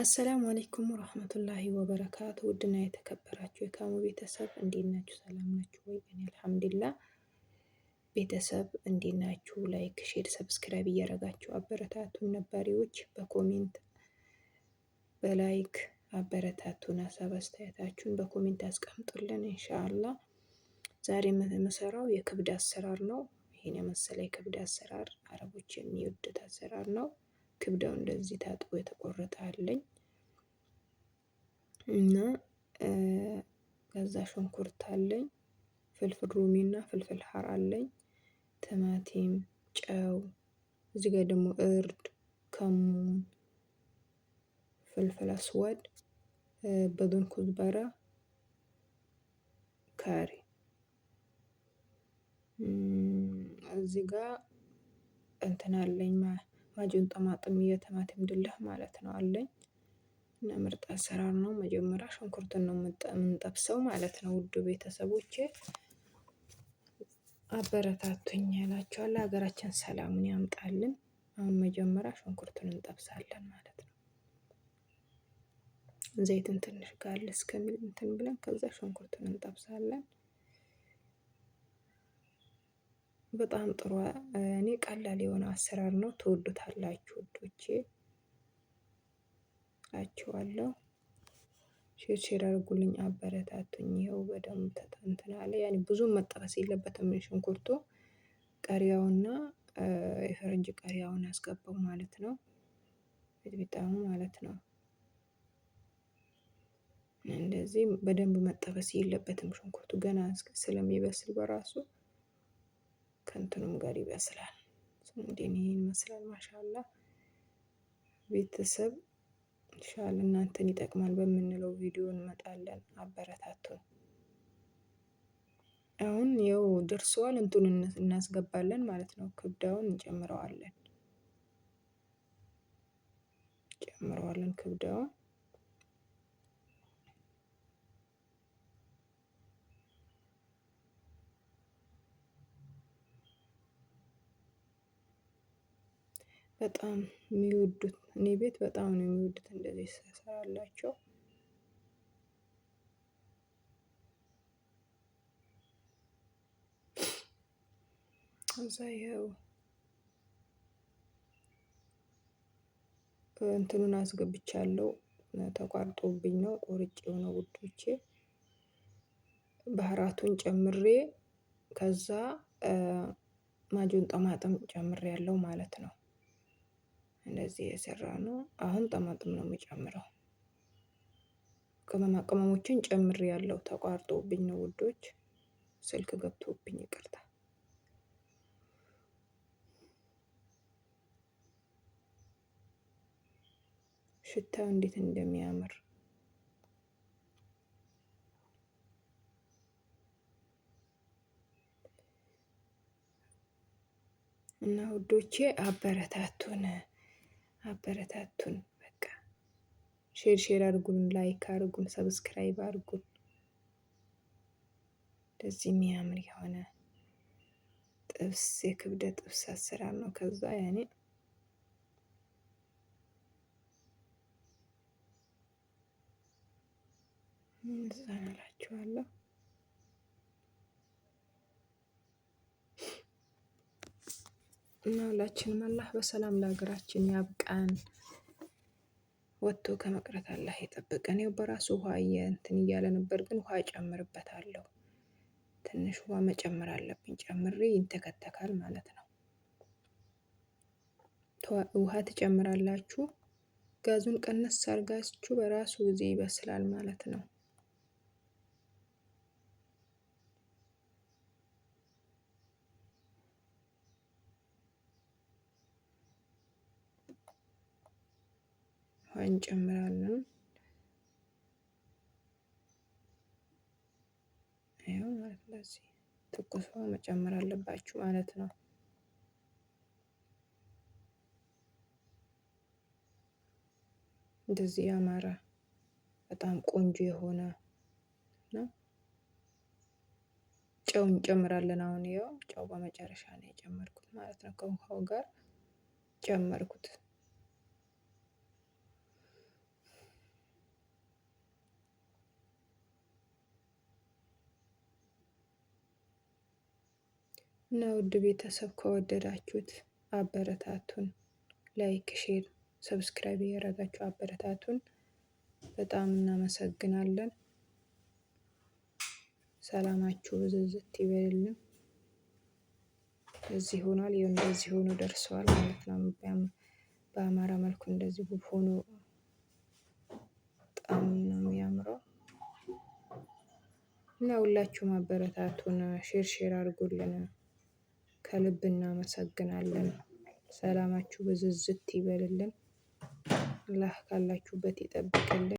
አሰላሙ አሌይኩም ወረህመቱላሂ ወበረካቱ። ውድና የተከበራችሁ የካሙ ቤተሰብ እንዴት ናችሁ? ሰላም ናችሁ ወይ? እኔ አልሐምዱላ። ቤተሰብ እንዴት ናችሁ? ላይክ፣ ሼር፣ ሰብስክራይብ እያረጋችሁ አበረታቱን። ነባሪዎች በኮሜንት በላይክ አበረታቱን። ሀሳብ አስተያየታችሁን በኮሜንት አስቀምጡልን። እንሻአላ ዛሬ የምሰራው የክብድ አሰራር ነው። ይህን የመሰለ የክብድ አሰራር አረቦች የሚወዱት አሰራር ነው። ክብደው እንደዚህ ታጥቦ የተቆረጠ አለኝ እና ከዛ ሽንኩርት አለኝ፣ ፍልፍል ሮሜ እና ፍልፍል ሀር አለኝ፣ ቲማቲም፣ ጨው እዚህ ጋር ደግሞ እርድ፣ ከሙን፣ ፍልፍል አስዋድ፣ በዶን ኩዝበራ፣ ካሪ እዚህ ጋር እንትን አለኝ ማጅን ጠማጥም የቲማቲም ድልህ ማለት ነው አለኝ። እና ምርጥ አሰራር ነው። መጀመሪያ ሽንኩርትን ነው የምንጠብሰው ማለት ነው። ውድ ቤተሰቦቼ አበረታቱኝ እላችኋለሁ። ሀገራችን ሰላሙን ያምጣልን። አሁን መጀመሪያ ሽንኩርቱን እንጠብሳለን ማለት ነው። ዘይትን ትንሽ ጋል እስከሚል እንትን ብለን ከዛ ሽንኩርቱን እንጠብሳለን። በጣም ጥሩ እኔ ቀላል የሆነ አሰራር ነው ትወዱታላችሁ ወዶቼ እላችኋለሁ። ሼር ሼር አድርጉልኝ አበረታቱኝ። ይኸው በደንብ ተጠንትና አለ ያኔ ብዙም መጠበስ የለበትም ሽንኩርቱ ቀሪያውና የፈረንጅ ቀሪያውን አስገባው ማለት ነው ቤጣሙ ማለት ነው። እንደዚህ በደንብ መጠበስ የለበትም ሽንኩርቱ ገና ስለሚበስል በራሱ ከእንትኑም ጋር ይበስላል። ስሙዴን ይሄን ይመስላል። ማሻላ ቤተሰብ ሻል እናንተን ይጠቅማል በምንለው ቪዲዮ እንመጣለን። አበረታቱን። አሁን ያው ደርሰዋል። እንቱን እናስገባለን ማለት ነው። ክብዳውን እንጨምረዋለን ጨምረዋለን ክብዳውን በጣም የሚወዱት እኔ ቤት በጣም ነው የሚወዱት እንደዚህ ስሰራላቸው። ከዛ ይኸው እንትኑን አስገብቻለሁ ተቋርጦብኝ ነው ቆርጬው የሆነ ውዶቼ። ባህራቱን ጨምሬ ከዛ ማጆን ጠማጥም ያለው ማለት ነው እንደዚህ የሰራ ነው። አሁን ጠማጥም ነው የሚጨምረው። ቅመማ ቅመሞችን ጨምር ያለው ተቋርጦብኝ ነው ውዶች፣ ስልክ ገብቶብኝ ይቅርታ። ሽታው እንዴት እንደሚያምር እና ውዶቼ አበረታቱን። አበረታቱን። በቃ ሼር ሼር አድርጉን፣ ላይክ አድርጉን፣ ሰብስክራይብ አድርጉን። እንደዚህ የሚያምር የሆነ ጥብስ የክብደት ጥብስ አሰራር ነው። ከዛ ያኔ ምን እላችኋለሁ። እና ሁላችንም አላህ በሰላም ለሀገራችን ያብቃን፣ ወጥቶ ከመቅረት አላህ የጠበቀን ያው በራሱ ውሃ እንትን እያለ ነበር፣ ግን ውሃ ጨምርበታለሁ። ትንሽ ውሃ መጨመር አለብኝ። ጨምሬ ይንተከተካል ማለት ነው። ውሃ ትጨምራላችሁ። ጋዙን ቀነስ አርጋችሁ በራሱ ጊዜ ይበስላል ማለት ነው። ውሃ እንጨምራለን። ይኸው ማለት ለዚህ ትኩስ ውሃ መጨመር አለባችሁ ማለት ነው። እንደዚህ ያማረ በጣም ቆንጆ የሆነ ነው። ጨው እንጨምራለን። አሁን ያው ጨው በመጨረሻ ነው የጨመርኩት ማለት ነው። ከውሃው ጋር ጨመርኩት። እና ውድ ቤተሰብ ከወደዳችሁት አበረታቱን። ላይክ፣ ሼር፣ ሰብስክራይብ እያደረጋችሁ አበረታቱን። በጣም እናመሰግናለን። ሰላማችሁ ብዝዝት ይበልልን። እዚህ ሆኗል። ይኸው እንደዚህ ሆኖ ደርሰዋል ማለት ነው። በአማራ መልኩ እንደዚህ ሆኖ በጣም ነው የሚያምረው እና ሁላችሁም አበረታቱን፣ ሼር ሼር አድርጉልን። ከልብ እናመሰግናለን። ሰላማችሁ ብዝዝት ይበልልን። አላህ ካላችሁበት ይጠብቅልን